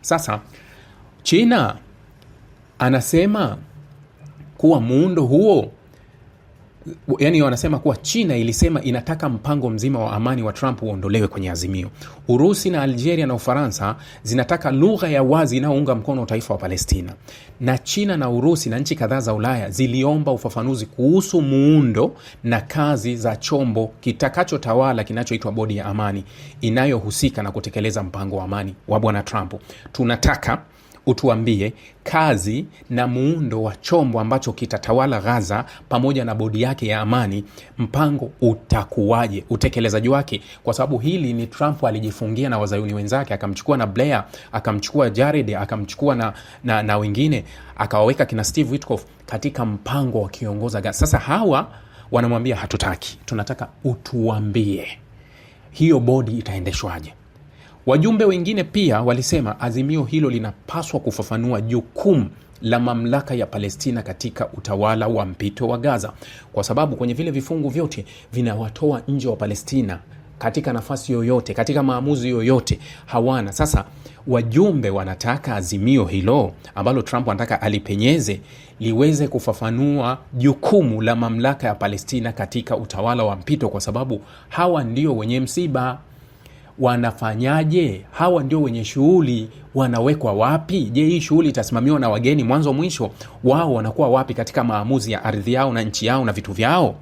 Sasa China anasema kuwa muundo huo yani wanasema kuwa China ilisema inataka mpango mzima wa amani wa Trump uondolewe kwenye azimio. Urusi na Algeria na Ufaransa zinataka lugha ya wazi inayounga mkono utaifa wa Palestina, na China na Urusi na nchi kadhaa za Ulaya ziliomba ufafanuzi kuhusu muundo na kazi za chombo kitakachotawala kinachoitwa bodi ya amani inayohusika na kutekeleza mpango wa amani wa Bwana Trump. Tunataka utuambie kazi na muundo wa chombo ambacho kitatawala Gaza pamoja na bodi yake ya amani, mpango utakuwaje, utekelezaji wake? Kwa sababu hili ni Trump alijifungia na wazayuni wenzake, akamchukua na Blair, akamchukua Jared, akamchukua na, na, na wengine akawaweka kina Steve Witkoff katika mpango wa kiongoza Gaza. Sasa hawa wanamwambia hatutaki, tunataka utuambie hiyo bodi itaendeshwaje? Wajumbe wengine pia walisema azimio hilo linapaswa kufafanua jukumu la mamlaka ya Palestina katika utawala wa mpito wa Gaza, kwa sababu kwenye vile vifungu vyote vinawatoa nje wa Palestina katika nafasi yoyote, katika maamuzi yoyote hawana. Sasa wajumbe wanataka azimio hilo ambalo Trump anataka alipenyeze liweze kufafanua jukumu la mamlaka ya Palestina katika utawala wa mpito, kwa sababu hawa ndio wenye msiba wanafanyaje? Hawa ndio wenye shughuli wanawekwa wapi? Je, hii shughuli itasimamiwa na wageni mwanzo mwisho? Wao wanakuwa wapi katika maamuzi ya ardhi yao na nchi yao na vitu vyao?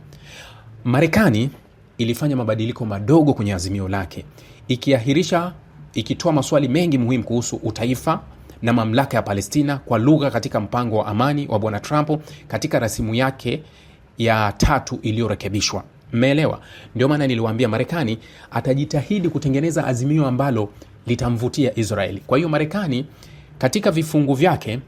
Marekani ilifanya mabadiliko madogo kwenye azimio lake, ikiahirisha, ikitoa maswali mengi muhimu kuhusu utaifa na mamlaka ya Palestina kwa lugha katika mpango wa amani wa Bwana Trump katika rasimu yake ya tatu iliyorekebishwa. Mmeelewa? Ndio maana niliwaambia Marekani atajitahidi kutengeneza azimio ambalo litamvutia Israeli. Kwa hiyo Marekani katika vifungu vyake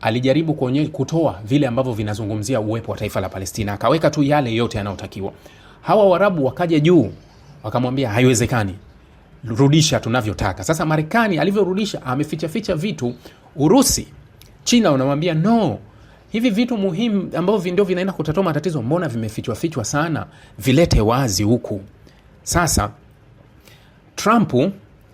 alijaribu kuonye, kutoa vile ambavyo vinazungumzia uwepo wa taifa la Palestina, akaweka tu yale yote yanayotakiwa. Hawa Waarabu wakaja juu wakamwambia haiwezekani, rudisha tunavyotaka. Sasa Marekani alivyorudisha amefichaficha vitu. Urusi, China wanamwambia no hivi vitu muhimu ambavyo ndio vinaenda kutatua matatizo, mbona vimefichwa fichwa sana? Vilete wazi huku. Sasa Trump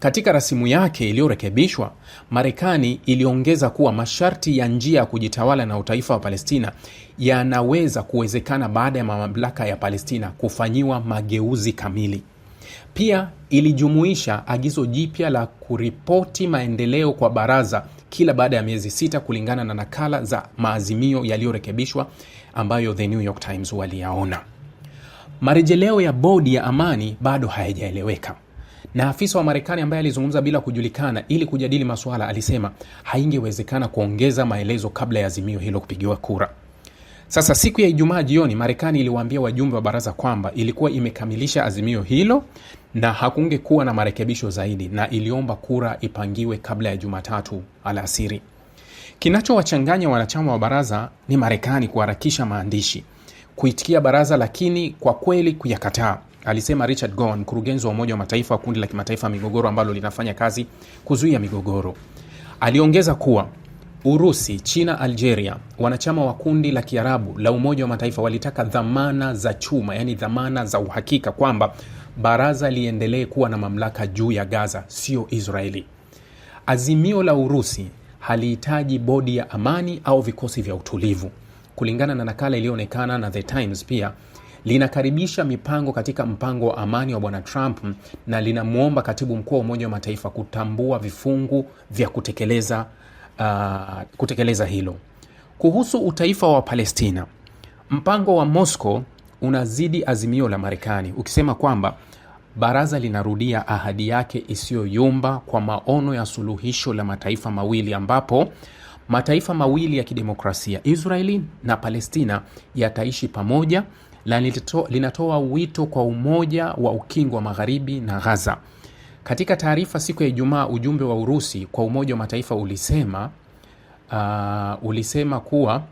katika rasimu yake iliyorekebishwa, Marekani iliongeza kuwa masharti ya njia ya kujitawala na utaifa wa Palestina yanaweza kuwezekana baada ya mamlaka ya Palestina kufanyiwa mageuzi kamili. Pia ilijumuisha agizo jipya la kuripoti maendeleo kwa baraza kila baada ya miezi sita kulingana na nakala za maazimio yaliyorekebishwa ambayo The New York Times waliyaona. Marejeleo ya bodi ya amani bado hayajaeleweka na afisa wa Marekani ambaye alizungumza bila kujulikana ili kujadili masuala alisema haingewezekana kuongeza maelezo kabla ya azimio hilo kupigiwa kura. Sasa siku ya Ijumaa jioni, Marekani iliwaambia wajumbe wa baraza kwamba ilikuwa imekamilisha azimio hilo na hakungekuwa na marekebisho zaidi, na iliomba kura ipangiwe kabla ya Jumatatu alasiri. Kinachowachanganya wanachama wa baraza ni Marekani kuharakisha maandishi kuitikia baraza, lakini kwa kweli kuyakataa, alisema Richard Gon, mkurugenzi wa Umoja wa Mataifa wa kundi la kimataifa migogoro ambalo linafanya kazi kuzuia migogoro. Aliongeza kuwa Urusi, China, Algeria, wanachama wa kundi la Kiarabu la Umoja wa Mataifa walitaka dhamana za chuma, yaani dhamana za uhakika kwamba baraza liendelee kuwa na mamlaka juu ya Gaza, sio Israeli. Azimio la Urusi halihitaji bodi ya amani au vikosi vya utulivu. Kulingana na nakala iliyoonekana na The Times, pia linakaribisha mipango katika mpango wa amani wa Bwana Trump na linamwomba katibu mkuu wa Umoja wa Mataifa kutambua vifungu vya kutekeleza uh, kutekeleza hilo. Kuhusu utaifa wa Palestina, mpango wa Moscow unazidi azimio la Marekani ukisema kwamba baraza linarudia ahadi yake isiyoyumba kwa maono ya suluhisho la mataifa mawili ambapo mataifa mawili ya kidemokrasia Israeli na Palestina yataishi pamoja, na linatoa wito kwa umoja wa ukingo wa magharibi na ghaza katika taarifa siku ya Ijumaa, ujumbe wa Urusi kwa Umoja wa Mataifa ulisema uh, ulisema kuwa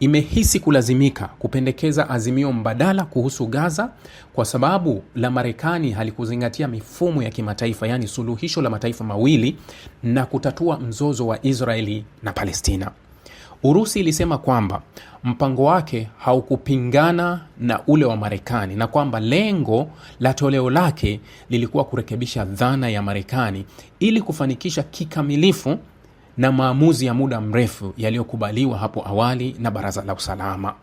imehisi kulazimika kupendekeza azimio mbadala kuhusu Gaza kwa sababu la Marekani halikuzingatia mifumo ya kimataifa, yaani suluhisho la mataifa mawili na kutatua mzozo wa Israeli na Palestina. Urusi ilisema kwamba mpango wake haukupingana na ule wa Marekani na kwamba lengo la toleo lake lilikuwa kurekebisha dhana ya Marekani ili kufanikisha kikamilifu na maamuzi ya muda mrefu yaliyokubaliwa hapo awali na Baraza la Usalama.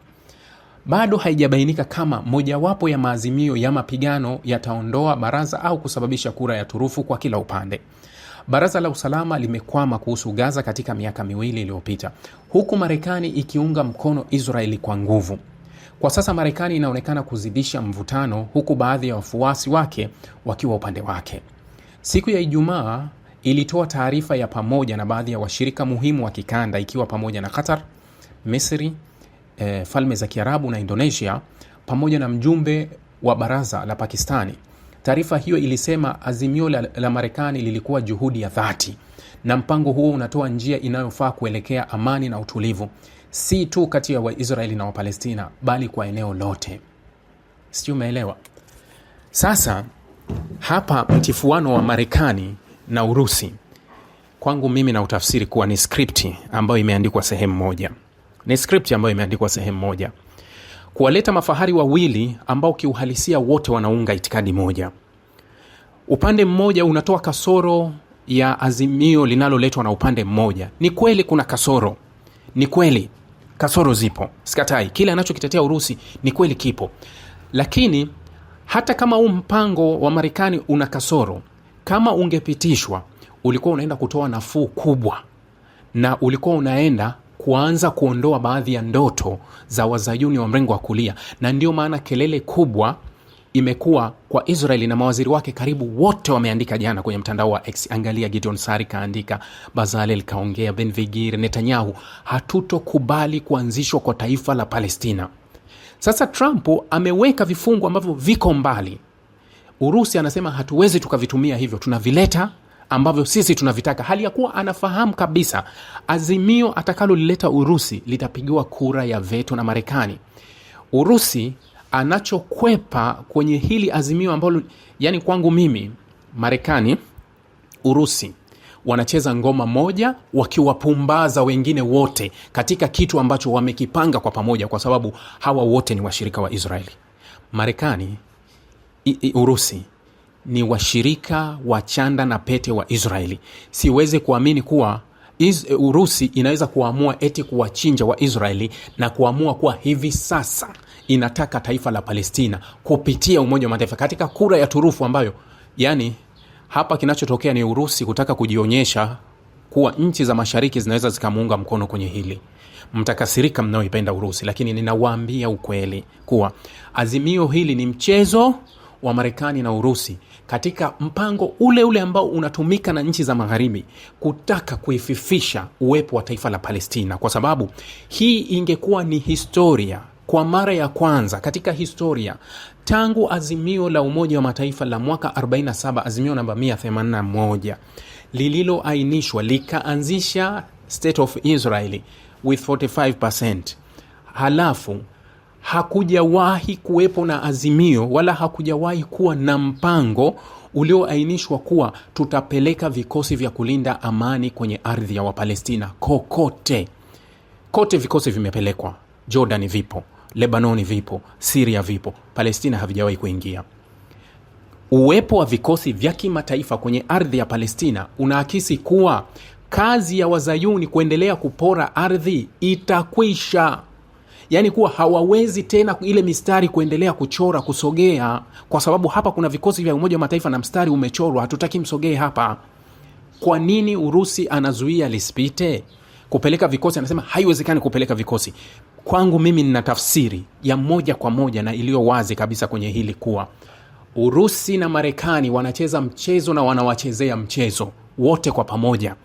Bado haijabainika kama mojawapo ya maazimio ya mapigano yataondoa baraza au kusababisha kura ya turufu kwa kila upande. Baraza la usalama limekwama kuhusu Gaza katika miaka miwili iliyopita, huku Marekani ikiunga mkono Israeli kwa nguvu. Kwa sasa Marekani inaonekana kuzidisha mvutano, huku baadhi ya wafuasi wake wakiwa upande wake. Siku ya Ijumaa ilitoa taarifa ya pamoja na baadhi ya washirika muhimu wa kikanda, ikiwa pamoja na Qatar, Misri, e, Falme za Kiarabu na Indonesia pamoja na mjumbe wa baraza la Pakistani Taarifa hiyo ilisema azimio la, la Marekani lilikuwa juhudi ya dhati na mpango huo unatoa njia inayofaa kuelekea amani na utulivu, si tu kati ya Waisraeli na Wapalestina bali kwa eneo lote. Sijui umeelewa. Sasa hapa mtifuano wa Marekani na Urusi kwangu mimi na utafsiri kuwa ni skripti ambayo imeandikwa sehemu moja, ni skripti ambayo imeandikwa sehemu moja kuwaleta mafahari wawili ambao kiuhalisia wote wanaunga itikadi moja. Upande mmoja unatoa kasoro ya azimio linaloletwa na upande mmoja. Ni kweli kuna kasoro, ni kweli kasoro zipo, sikatai. Kile anachokitetea Urusi ni kweli kipo, lakini hata kama huu mpango wa Marekani una kasoro, kama ungepitishwa, ulikuwa unaenda kutoa nafuu kubwa na ulikuwa unaenda kuanza kuondoa baadhi ya ndoto za wazayuni wa mrengo wa kulia, na ndio maana kelele kubwa imekuwa kwa Israeli na mawaziri wake karibu wote wameandika jana kwenye mtandao wa X. Angalia, Gideon Sari kaandika, Bazalel kaongea, Benvigir, Netanyahu, hatutokubali kuanzishwa kwa taifa la Palestina. Sasa Trump ameweka vifungu ambavyo viko mbali. Urusi anasema hatuwezi tukavitumia hivyo, tunavileta ambavyo sisi tunavitaka, hali ya kuwa anafahamu kabisa azimio atakalolileta Urusi litapigiwa kura ya veto na Marekani. Urusi anachokwepa kwenye hili azimio ambalo, yani kwangu mimi, Marekani Urusi wanacheza ngoma moja wakiwapumbaza wengine wote katika kitu ambacho wamekipanga kwa pamoja, kwa sababu hawa wote ni washirika wa Israeli. Marekani, Urusi ni washirika wa chanda na pete wa Israeli. Siwezi kuamini kuwa Iz, Urusi inaweza kuamua eti kuwachinja Waisraeli na kuamua kuwa hivi sasa inataka taifa la Palestina kupitia Umoja wa Mataifa katika kura ya turufu ambayo, yani, hapa kinachotokea ni Urusi kutaka kujionyesha kuwa nchi za mashariki zinaweza zikamuunga mkono kwenye hili. Mtakasirika mnaoipenda Urusi, lakini ninawaambia ukweli kuwa azimio hili ni mchezo wa Marekani na Urusi katika mpango ule ule ambao unatumika na nchi za magharibi kutaka kuififisha uwepo wa taifa la Palestina, kwa sababu hii ingekuwa ni historia kwa mara ya kwanza katika historia tangu azimio la Umoja wa Mataifa la mwaka 47 azimio namba 181 lililoainishwa likaanzisha state of Israeli with 45% halafu hakujawahi kuwepo na azimio wala hakujawahi kuwa na mpango ulioainishwa kuwa tutapeleka vikosi vya kulinda amani kwenye ardhi ya Wapalestina kokote kote. Vikosi vimepelekwa Jordan, vipo Lebanoni, vipo Siria, vipo Palestina, havijawahi kuingia. Uwepo wa vikosi vya kimataifa kwenye ardhi ya Palestina unaakisi kuwa kazi ya wazayuni kuendelea kupora ardhi itakwisha yani kuwa hawawezi tena ile mistari kuendelea kuchora kusogea, kwa sababu hapa kuna vikosi vya Umoja wa Mataifa na mstari umechorwa, hatutaki msogee hapa. Kwa nini Urusi anazuia lisipite kupeleka vikosi? Anasema haiwezekani kupeleka vikosi. Kwangu mimi nina tafsiri ya moja kwa moja na iliyo wazi kabisa kwenye hili kuwa Urusi na Marekani wanacheza mchezo na wanawachezea mchezo wote kwa pamoja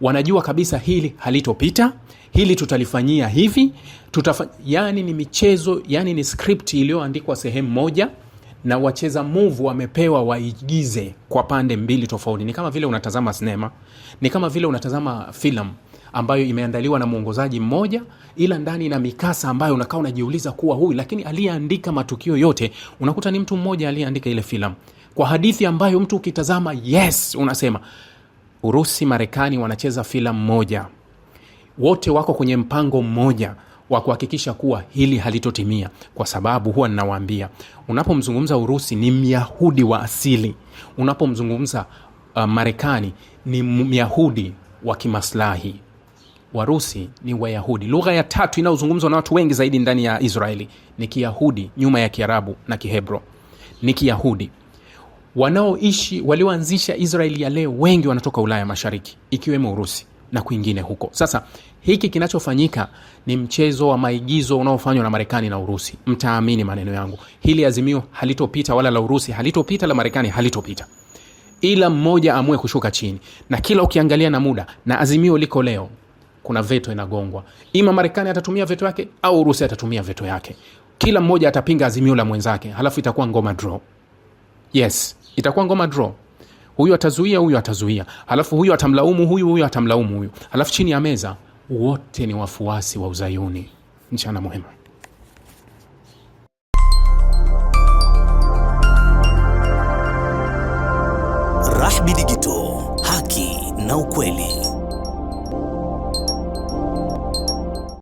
wanajua kabisa hili halitopita, hili tutalifanyia hivi, tutafa... yani, ni michezo yani ni script iliyoandikwa sehemu moja na wacheza move wamepewa waigize kwa pande mbili tofauti. Ni kama vile unatazama sinema, ni kama vile unatazama filamu ambayo imeandaliwa na mwongozaji mmoja, ila ndani na mikasa ambayo unakaa unajiuliza kuwa huyu, lakini aliyeandika matukio yote unakuta ni mtu mmoja aliyeandika ile filamu kwa hadithi ambayo mtu ukitazama, yes, unasema Urusi, Marekani wanacheza filamu moja, wote wako kwenye mpango mmoja wa kuhakikisha kuwa hili halitotimia, kwa sababu huwa ninawaambia, unapomzungumza Urusi ni myahudi wa asili, unapomzungumza uh, Marekani ni myahudi wa kimaslahi. Warusi ni Wayahudi. Lugha ya tatu inayozungumzwa na watu wengi zaidi ndani ya Israeli ni Kiyahudi, nyuma ya Kiarabu na Kihebro ni Kiyahudi wanaoishi walioanzisha Israeli ya leo wengi wanatoka Ulaya Mashariki ikiwemo Urusi na kwingine huko. Sasa hiki kinachofanyika ni mchezo wa maigizo unaofanywa na Marekani na Urusi. Mtaamini maneno yangu, hili azimio halitopita, wala la Urusi halitopita, la Marekani halitopita, ila mmoja amue kushuka chini. Na kila ukiangalia na muda na azimio liko leo, kuna veto inagongwa, ima Marekani atatumia veto yake au Urusi atatumia veto yake. Kila mmoja atapinga azimio la mwenzake, halafu itakuwa ngoma draw. Yes, itakuwa ngoma draw huyu atazuia huyu atazuia halafu huyu atamlaumu huyu huyu atamlaumu huyu halafu chini ya meza wote ni wafuasi wa uzayuni mchana muhimu Rahbi